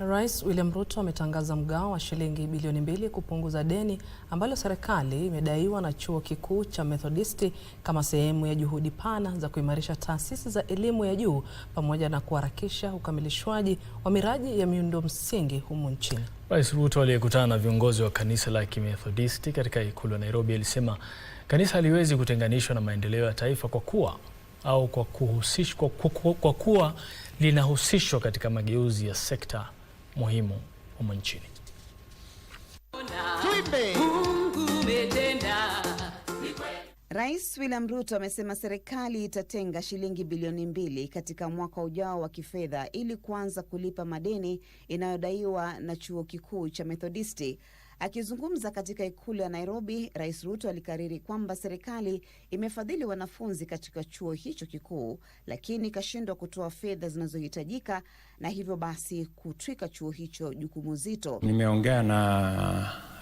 Rais William Ruto ametangaza mgao wa shilingi bilioni mbili kupunguza deni ambalo serikali imedaiwa na Chuo Kikuu cha Methodisti kama sehemu ya juhudi pana za kuimarisha taasisi za elimu ya juu pamoja na kuharakisha ukamilishwaji wa miradi ya miundo msingi humu nchini. Rais Ruto aliyekutana na viongozi wa kanisa la Kimethodisti katika ikulu ya Nairobi alisema kanisa haliwezi kutenganishwa na maendeleo ya taifa kwa kuwa au kwa kuhusishwa, kwa kuwa linahusishwa katika mageuzi ya sekta muhimu humu nchini. Rais William Ruto amesema serikali itatenga shilingi bilioni mbili katika mwaka ujao wa kifedha ili kuanza kulipa madeni inayodaiwa na chuo kikuu cha Methodisti. Akizungumza katika ikulu ya Nairobi, Rais Ruto alikariri kwamba serikali imefadhili wanafunzi katika chuo hicho kikuu, lakini ikashindwa kutoa fedha zinazohitajika na hivyo basi kutwika chuo hicho jukumu zito. Nimeongea na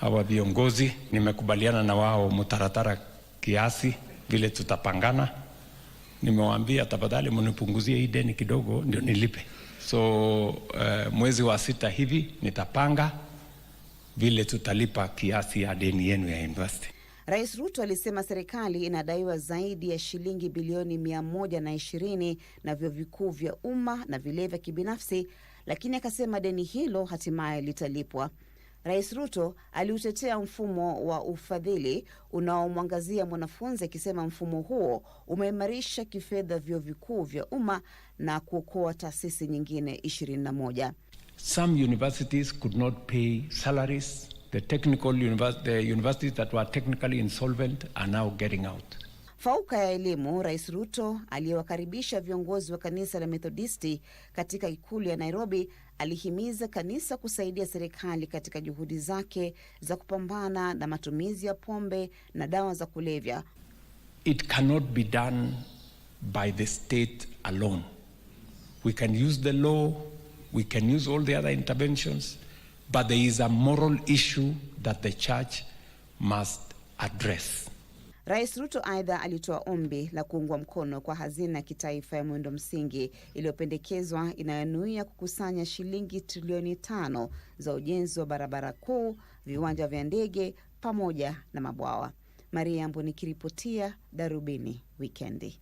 hawa viongozi, nimekubaliana na wao mtaratara kiasi vile tutapangana. Nimewaambia tafadhali mnipunguzie hii deni kidogo ndio nilipe. So uh, mwezi wa sita hivi nitapanga vile tutalipa kiasi ya deni yenu ya university. Rais Ruto alisema serikali inadaiwa zaidi ya shilingi bilioni 120 na vyuo vikuu vya umma na vile vya kibinafsi, lakini akasema deni hilo hatimaye litalipwa. Rais Ruto aliutetea mfumo wa ufadhili unaomwangazia mwanafunzi akisema mfumo huo umeimarisha kifedha vyuo vikuu vya umma na kuokoa taasisi nyingine 21. Some universities could not pay salaries. The technical univers the universities that were technically insolvent are now getting out. Fauka ya elimu, Rais Ruto aliyewakaribisha viongozi wa kanisa la Methodisti katika ikulu ya Nairobi alihimiza kanisa kusaidia serikali katika juhudi zake za kupambana na matumizi ya pombe na dawa za kulevya. It cannot be done by the state alone. We can use the law We can use all the other interventions, but there is a moral issue that the church must address. Rais Ruto aidha alitoa ombi la kuungwa mkono kwa hazina ya kitaifa ya mwendo msingi iliyopendekezwa inayonuia kukusanya shilingi trilioni tano za ujenzi wa barabara kuu, viwanja vya ndege pamoja na mabwawa. Maria Amboni nikiripotia Darubini Wikendi.